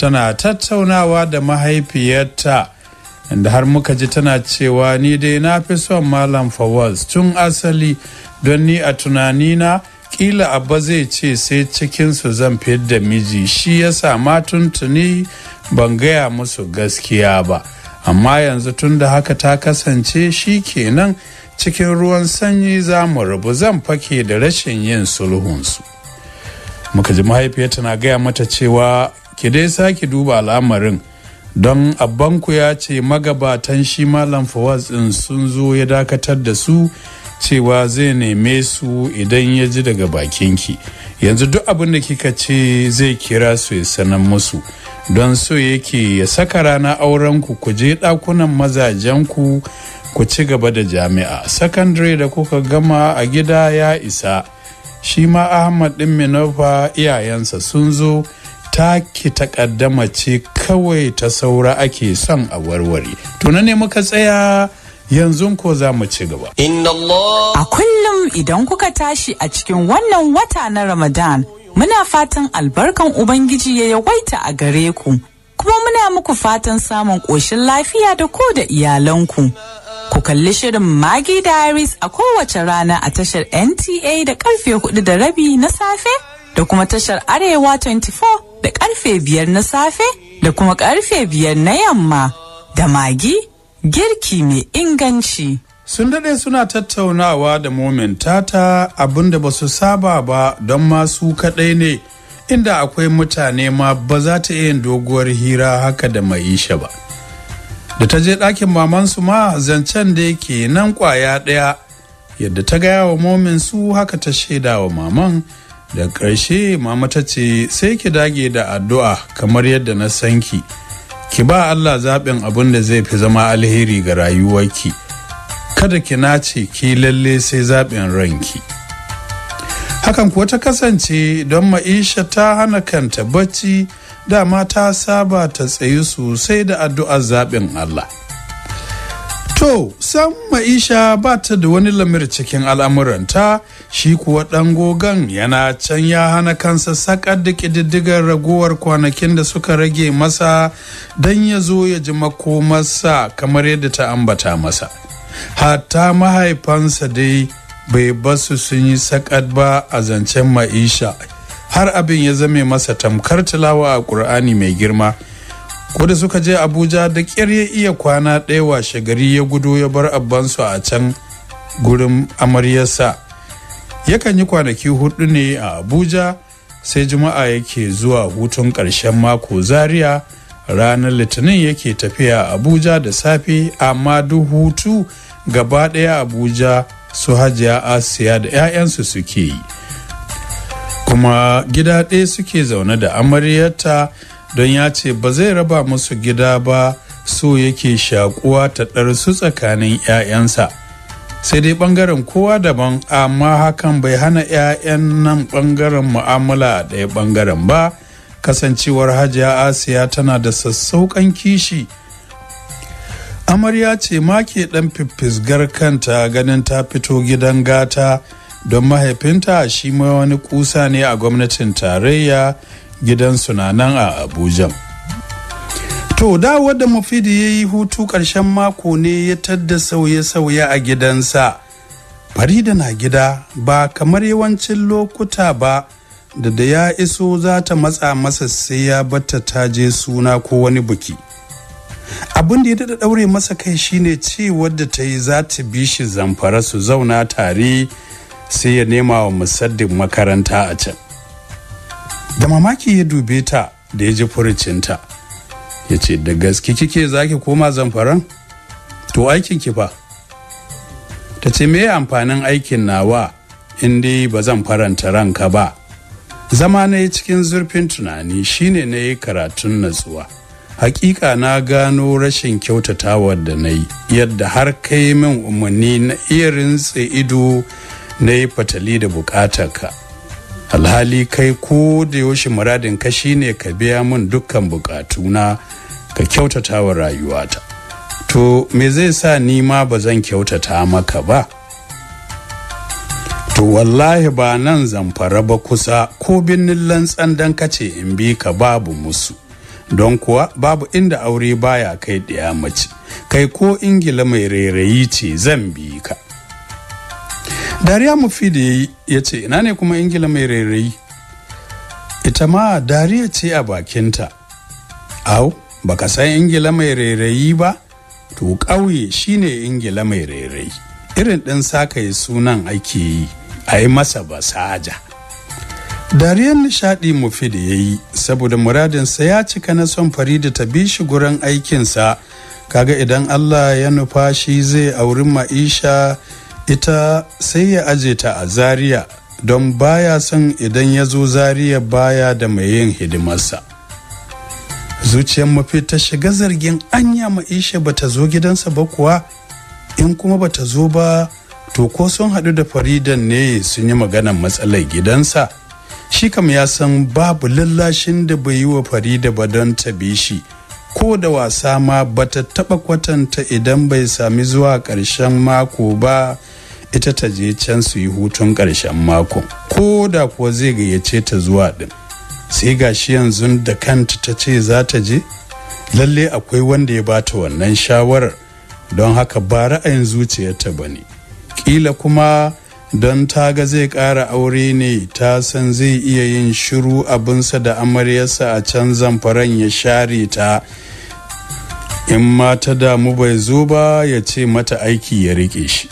tana tattaunawa da mahaifiyarta inda har muka ji tana cewa ni dai na fi son malam fawaz tun asali don ni a tunanina kila abba zai ce sai cikinsu zan fiye da miji shi ya sama tuntuni ban gaya musu gaskiya ba amma yanzu tun da haka ta kasance shi kenan cikin ruwan sanyi za mu rabu zan fake da rashin yin sulhunsu muka ji mahaifiyarta na gaya mata cewa ki dai sake duba al'amarin don abbanku ya ce magabatan shi malam fawaz din sun zo ya dakatar da su cewa zai neme su idan ya ji daga bakinki yanzu duk abin da kika ce zai kira su ya sanar musu don so yake ya saka rana aurenku ku je dakunan mazajen ku ci gaba da jami'a sakandare da kuka gama a gida ya isa shi ma ahmad ɗin minofa iyayensa sun zo take takaddama ce kawai ta saura ake son a warware tunan ne muka tsaya yanzu ko za mu ci gaba a kullum idan kuka tashi a cikin wannan wata na ramadan muna fatan albarkan ubangiji ya yawaita a gare ku kuma muna muku fatan samun ƙoshin lafiya da ko da iyalanku Ku kalli shirin Magi Diaries a kowace rana a tashar NTA da karfe hudu da rabi na safe da kuma tashar Arewa 24 da karfe biyar na safe da kuma karfe biyar na yamma da magi girki mai inganci. Sun daɗe suna tattaunawa da momin tata abinda ba su saba ba don masu kaɗai ne inda akwai mutane ma ba za ta iya doguwar hira haka da maisha ba. Da ta je ɗakin mamansu ma zancen da yake nan kwaya ɗaya yadda ta gaya wa momin su haka ta shaida wa maman da ƙarshe mama ta ce sai ki dage da addu'a kamar yadda na san ki ki ba Allah zaɓin abin da zai fi zama alheri ga rayuwarki kada ki nace ki lalle sai zaɓin ranki hakan kuwa ta kasance don ma'isha ta hana kanta bacci dama ta saba ta tsayi sosai da addu'ar zaɓin Allah To, san Maisha ba ta da wani lamir cikin al'amuranta, shi kuwa ɗan gogan yana can ya hana kansa sakar da ƙididdigar ragowar kwanakin da suka rage masa don ya zo ya ji makomarsa kamar yadda ta ambata masa. Hatta mahaifansa dai bai basu sun yi sakad ba a zancen Maisha, har abin ya zame masa tamkar tilawa a Ƙur'ani mai girma. ko da suka je abuja da ƙyar ya iya kwana ɗaya washe gari ya gudu ya bar abansu a can gurin amaryarsa yakan yi kwanaki hudu ne a abuja sai juma'a yake zuwa hutun ƙarshen mako zaria ranar litinin yake tafiya a abuja da safe amma duk hutu gaba ɗaya abuja su hajiya asiya da 'ya'yansu suke yi kuma gida ɗaya suke zaune da amaryarta don ya ce ba zai raba musu gida ba so yake shakuwa ta ɗarsu tsakanin 'ya'yansa sai dai ɓangaren kowa daban amma hakan bai hana 'ya'yan nan ɓangaren mu'amala a ɗaya ɓangaren ba kasancewar hajiya asiya tana da sassauƙan kishi amarya ce ma ke ɗan fiffisgar kanta ganin ta fito gidan gata don mahaifinta shi ma wani kusa ne a gwamnatin tarayya gidansu na nan a abuja to da da Mafidi ya yi hutu ƙarshen mako ne ya tadda sauye-sauye a gidansa farida na gida ba kamar yawancin lokuta ba da da ya iso za ta matsa masa sai ya batta ta je suna ko wani buki abin da ya daɗa ɗaure masa kai shine cewar da ta yi za ta bi shi zamfara su zauna tare sai ya nema wa musaddin makaranta a can da mamaki ya dube ta da ya ji furucinta ya ce da gaske kike ki koma zamfaran to aikin ki fa ta ce me amfanin aikin nawa in ba zan faranta ranka ba zama na cikin zurfin tunani shine na yi karatun natsuwa hakika na gano rashin kyautatawa da na yi yadda har kai min umarni na iya rintse ido na yi fatali da ka. alhali kai ko da yaushe muradin ka shine ka biya mun dukkan bukatuna ka kyautata wa rayuwata to me zai sa ni ma ba zan kyautata maka ba to wallahi ba nan zamfara ba kusa ko binnin lantsan dan kace in bi ka babu musu don kuwa babu inda aure baya kai ɗaya mace kai ko ingila mai rairayi ce zan bi ka dariya mafi da ya yi ya ce ina ne kuma ingila mai rairayi ita ma dariya ce a bakinta au baka san ingila mai rairayi ba to ƙauye shine ingila mai rairayi irin ɗin sakaye sunan ake yi a yi masa basaja dariyar nishadi mufi da ya yi saboda muradinsa ya cika na son farida ta bi shi gurin aikinsa kaga idan allah ya nufa shi zai auri ma'isha ita sai ya aje ta a zaria don baya son idan ya zo zaria baya da mai yin hidimarsa zuciyar mafi ta shiga zargin anya ba ta zo gidansa ba kuwa in kuma ba ta zo ba to ko sun hadu da faridan ne sun yi maganar matsalar gidansa shi kam ya san babu lallashin da bai yi wa farida ba don ta bi shi ko da wasa ma ba ta taba kwatanta idan bai sami zuwa ƙarshen mako ba ita ta je can su yi hutun ƙarshen mako ko da kuwa zai gayyace ta zuwa ɗin sai gashi yanzu da kanta ta ce za ta je lalle akwai wanda ya bata wannan shawarar don haka ba ra'ayin zuciyarta ba ne ƙila kuma don ta ga zai ƙara aure ne ta san zai iya yin shiru abinsa da amaryarsa a can zamfaran ya share ta in mata ta damu bai zo ba ya ce mata aiki ya rike shi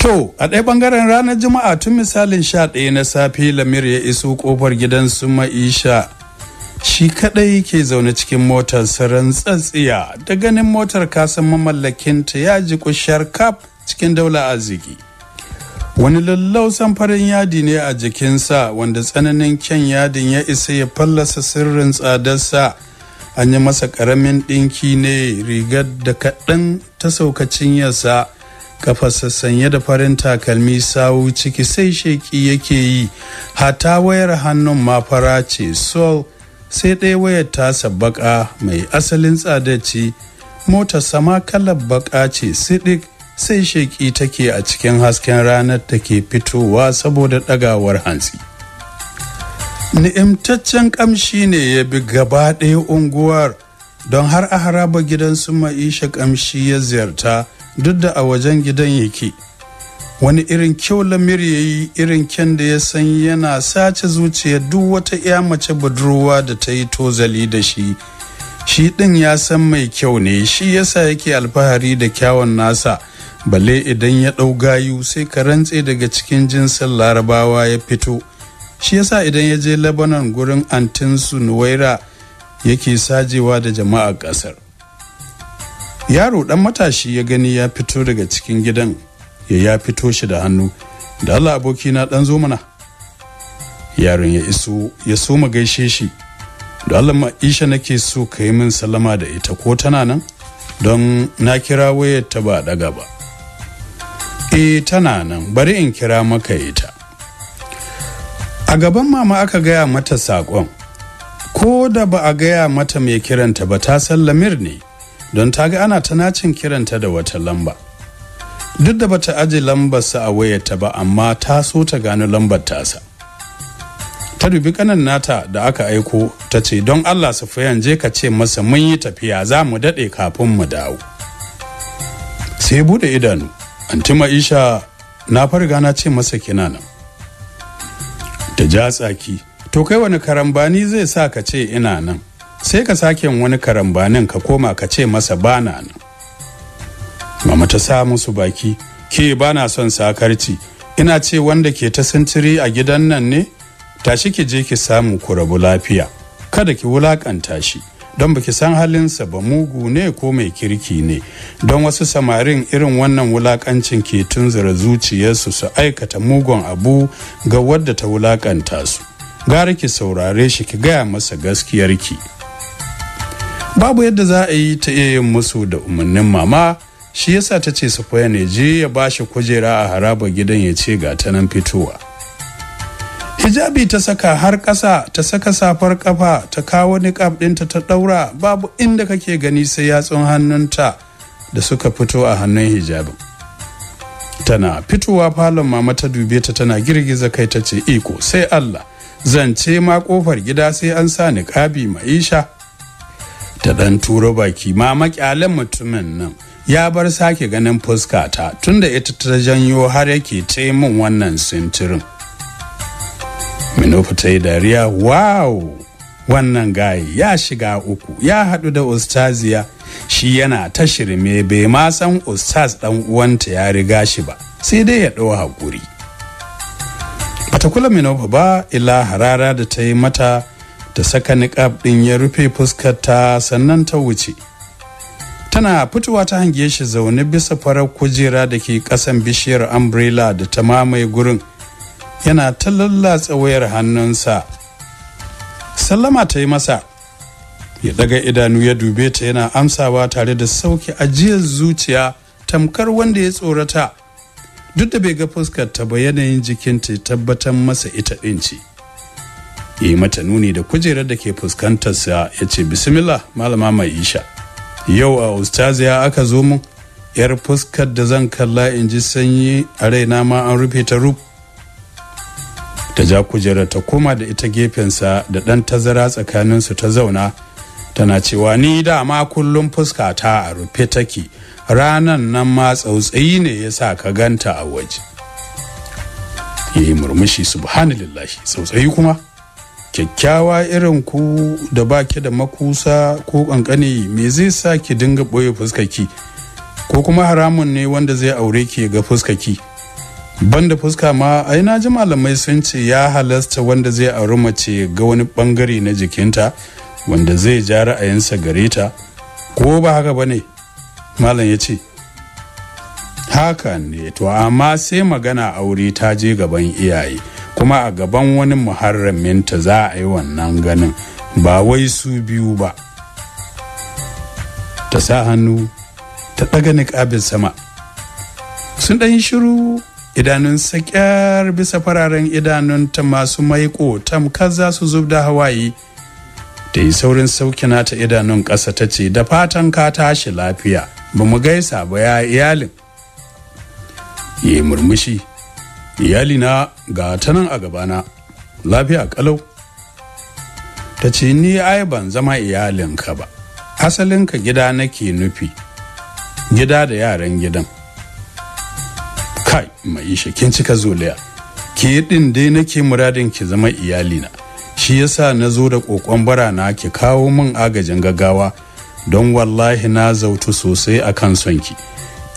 To, a ɗaya ɓangaren ranar Juma'a tun misalin sha ɗaya na safe Lamir ya iso ƙofar gidan su Ma'isha. Shi kaɗai ke zaune cikin motar saran tsatsiya da ganin motar kasan mamallakinta ya ji kushar kaf cikin daula arziki. Wani lallausan farin yadi ne a jikinsa wanda tsananin kyan yadin ya isa ya fallasa sirrin tsadarsa. An yi masa ƙaramin ɗinki ne rigar da kaɗan ta saukacin yasa. kafa sanye da farin takalmi sawu ciki sai sheki yake yi hata wayar hannun ma ce sol sai ɗaya wayar ta sabbaka mai asalin tsadaci mota sama kalar baka ce sidik sai sheki take a cikin hasken ranar da ke fitowa saboda ɗagawar hantsi ni'imtaccen kamshi ne ya bi gaba ɗaya unguwar don har a haraba gidan su ma'isha kamshi ya ziyarta duk da a wajen gidan yake wani irin kyau lamir ya yi irin kyan da ya san yana sace zuciya duk wata 'ya mace budurwa da ta yi tozali da shi shi ɗin ya san mai kyau ne shi yasa yake alfahari da kyawun nasa balle idan ya ɗau gayu sai ka rantse daga cikin jinsin larabawa ya fito shi yasa idan ya je lebanon gurin antinsu nuwaira yake sajewa da jama'a ƙasar yaro dan matashi ya gani ya fito daga cikin gidan ya ya fito shi da hannu da allah aboki na dan zo mana yaron ya iso ya so mu gaishe shi da allah ma'isha nake so ka min sallama da ita ko tana nan don na kira wayar ta ba daga ba e tana nan bari in kira maka ita a gaban mama aka gaya mata saƙon ko da ba a gaya mata mai kiranta ba ta san lamir ne don ta ga ana ta nacin kiranta da wata lamba duk da bata aje lambarsa a wayarta ba amma ta so ta gano lambar tasa ta dubi kanan nata da aka aiko ta ce don allah su fayan je ka ce masa mun yi tafiya za mu daɗe kafin mu dawo sai bude idanu anti ma'isha na farga na ce masa kina nan da ja tsaki to kai wani karambani zai sa ka ce ina nan sai ka sake wani karambanin ka koma ka ce masa bana nan mama ta sa musu baki ke bana son sakarci ina ce wanda ke ta sintiri a gidan nan ne tashi ki je ki samu ku rabu lafiya kada ki wulakanta shi don baki san halinsa ba mugu ne ko mai kirki ne don wasu samarin irin wannan wulakancin ke tunzura zuciyarsu su aikata mugun abu ga wadda ta wulakanta su gara ki saurare shi ki gaya masa gaskiyarki babu yadda za a yi ta iya yin musu da umarnin mama shi yasa ta ce su ne je ya ba shi kujera a haraba gidan ya ce ga ta nan fitowa hijabi ta saka har ƙasa ta saka safar kafa ta kawo niƙaf ɗinta ta ɗaura babu inda kake gani sai yatsun hannunta da suka fito a hannun hijabin tana fitowa falon mama ta dube ta tana girgiza kai ta ce iko sai allah zance ma ƙofar gida sai an sa niƙabi maisha ta dan turo baki ma makyalen mutumin nan ya bar sake ganin fuska ta tunda ita ta janyo har yake ce min wannan sintirin minofu ta yi dariya wow wannan gayi ya shiga uku ya haɗu da ustaziya shi yana ta shirme bai ma san ustaz ɗan uwanta ya riga shi ba sai dai ya ɗau hakuri bata kula Minofa ba ila harara da ta yi mata ta saka niƙab ɗin ya rufe ta sannan ta wuce tana fitowa ta hange shi zaune bisa farar kujera da ke ƙasan bishiyar umbrella da ta mamaye gurin yana ta lallatsa wayar hannunsa sallama ta yi masa ya daga idanu ya dube ta yana amsawa tare da sauki ajiyar zuciya tamkar wanda ya tsorata duk da bai ga fuskar ta ba yanayin jikinta tabbatar masa ita ɗin ce ya yi mata nuni da kujerar da ke fuskantarsa ya ce bismillah malama mai isha yau a ustaziya aka zo mun yar fuskar da zan kalla in ji sanyi a raina ma an rufe ta rub ta ja kujerar ta koma da ita gefensa da ɗan tazara tsakaninsu ta zauna tana cewa ni dama kullum fuska ta a rufe take ranan nan ma tsautsayi ne ya sa ka ganta a waje yi murmushi subhanallahi tsautsayi kuma kyakkyawa irin ku da baki da makusa ko ƙanƙani me zai sa ki dinga ɓoye fuskaki ko kuma haramun ne wanda zai aure ki ga fuskaki banda fuska ma ai na ji malamai sun ce ya halasta wanda zai auri mace ga wani bangare na jikinta wanda zai ja ra'ayinsa gare ta ko ba haka ba ne malam ya ce haka ne to amma sai magana aure ta je gaban iyaye kuma a gaban wani muharraminta za a yi wannan ganin ba wai su biyu ba ta sa hannu ta ɗaga niƙabin sama sun ɗan yi shiru idanun sakyar bisa fararen idanun ta masu maiko tamkar za su zub da hawaye ta yi saurin saukina ta idanun ƙasa ta ce da fatan ka tashi lafiya ba mu gaisa ba ya iyalin yi murmushi iyalina ga ta nan a gabana lafiya kalau ta ce ni ai ban zama iyalinka ba asalinka gida nake nufi gida da yaran gidan kai mai kin cika zoliya ke din dai nake muradin ki zama iyalina shi yasa na zo da kokon bara na ki kawo min agajin gaggawa don wallahi na zautu sosai a kan sonki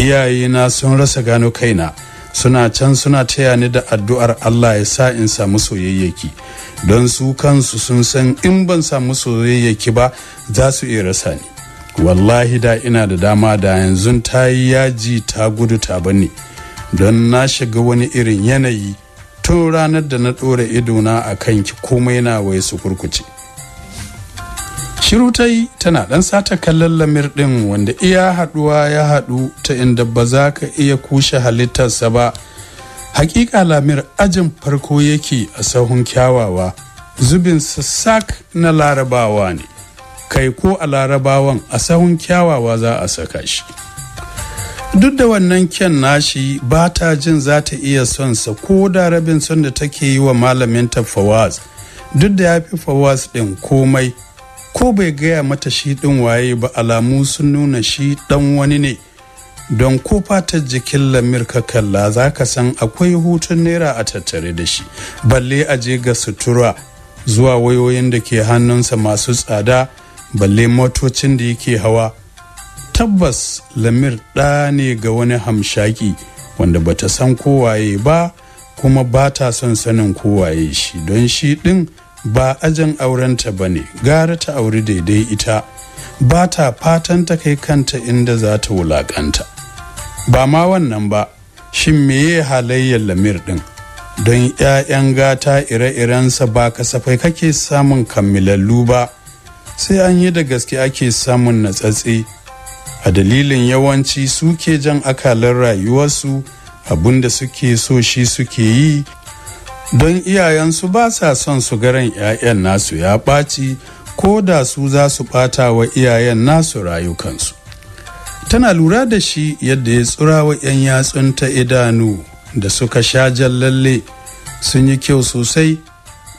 Iyayena sun rasa gano kaina suna can suna taya ni da addu'ar Allah ya sa in samu soyayyaki don su kansu sun san in ban samu soyayyaki ba za su iya rasa ni wallahi da ina da dama da yanzu ta yi yaji ta gudu ta bani don na shiga wani irin yanayi tun ranar da na ɗora idona a kanki komai na wai su kurkuce. shiru ta yi tana ɗan sata kallon lamir ɗin wanda iya haɗuwa ya haɗu ta inda ba za ka iya kushe halittarsa ba hakika lamir ajin farko yake a sahun kyawawa zubin sassak na larabawa ne kai ko a larabawan a sahun kyawawa za a saka shi duk da wannan kyan nashi ba ta jin za ta iya son sa ko da rabin son da take yi wa malamin ta fawaz duk da ya fi fawaz ɗin komai ko bai gaya mata shi ɗin waye ba alamu sun nuna shi ɗan wani ne don ko fatar jikin lamir ka kalla za ka san akwai hutun naira a tattare da shi balle a je ga sutura zuwa wayoyin da ke hannunsa masu tsada balle motocin da yake hawa tabbas lamir ɗa ne ga wani hamshaki wanda bata san kowaye ba kuma bata son sanin kowaye shi don shi ɗin ba ajin aurenta ba ne gara ta auri daidai ita ba ta fatan ta kai kanta inda za ta wulakanta ba ma wannan ba shin meye halayyar lamir ɗin? don 'ya'yan gata ire-irensa ba kasafai kake samun kammilallu ba sai an yi da gaske ake samun natsatse a dalilin yawanci suke jan akalar rayuwarsu abinda suke so shi suke yi don iyayensu ba sa son su garan 'ya'yan nasu ya ɓaci ko da su za su ɓata wa iyayen nasu rayukansu tana lura da shi yadda ya tsura wa 'yan yatsun ta idanu da suka sha jan lalle sun yi kyau sosai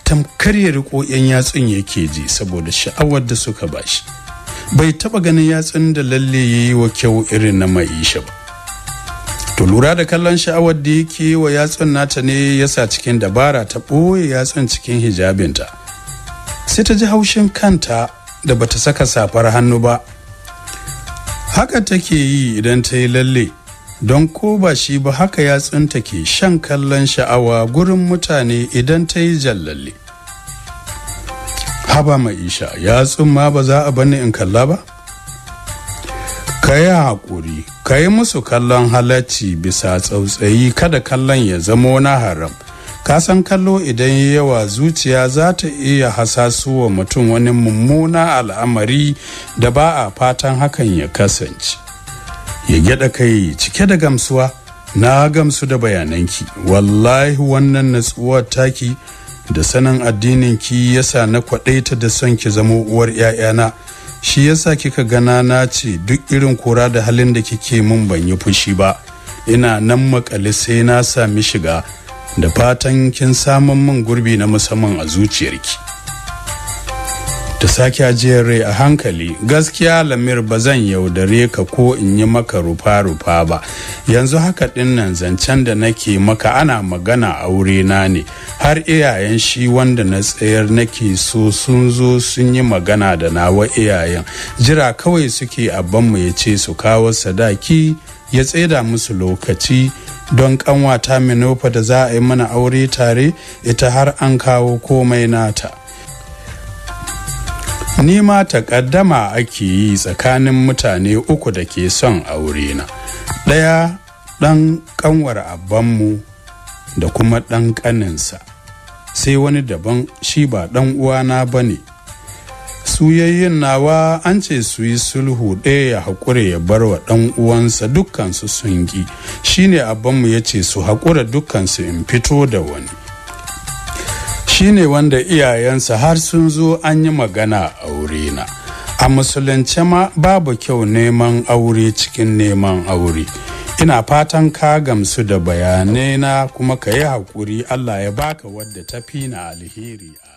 tamkar ya riko 'yan yatsun yake ji saboda sha'awar da suka bashi bai taɓa ganin yatsun da lalle ya yi wa kyau irin na maisha ba to lura da kallon sha'awar da yake wa yatsun nata ne yasa cikin dabara ta ɓoye yatsun cikin hijabinta sai ta ji haushin kanta da bata saka safar hannu ba haka take yi idan ta yi lalle don ko ba shi ba haka yatsun ta ke shan kallon sha'awa gurin mutane idan ta yi jallalle haba ma'isha yatsun ma ba za a bani in kalla ba ka yi haƙuri ka yi musu kallon halacci bisa tsautsayi kada kallon ya zamo na haram ka san kallo idan yawa zuciya za ta iya hasasuwa mutum wani mummuna al'amari da ba a fatan hakan ya kasance ya gyada kai cike da gamsuwa na gamsu da bayananki wallahi wannan natsuwar taki da sanin addininki yasa na kwaɗaita da son ki zamo uwar 'ya'yana shi yasa kika gana na ce duk irin kura da halin da kike mun ban yi fushi ba ina nan makale sai na sami shiga da fatan kin samun min gurbi na musamman a zuciyarki ta sake ajiyar rai a hankali gaskiya lamir ba zan yaudare ka ko in yi maka rufa-rufa ba yanzu haka dinnan zancen da nake maka ana magana aure na ne har iyayen shi wanda na tsayar nake so sun zo sun yi magana da nawa iyayen jira kawai suke abanmu ya ce su kawo sadaki ya tseda musu lokaci don kanwata minofa da za a yi mana aure tare ita har an kawo komai nata nima takaddama ake yi tsakanin mutane uku da ke son aure na ɗaya ɗan ƙanwar abbanmu da kuma ɗan ƙaninsa sai wani daban shi ba ɗan uwana ba ne suyayyin nawa an ce su yi sulhu ɗaya ya haƙura ya bar wa ɗan uwansa dukkansu sun ƙi shine abbanmu ya ce su haƙura dukkansu in fito da wani shi ne wanda iyayensa har sun zo an yi magana aure na a musulunce ma babu kyau neman aure cikin neman aure ina fatan ka gamsu da bayanai na kuma ka yi haƙuri allah ya baka wadda ta fi na alheri a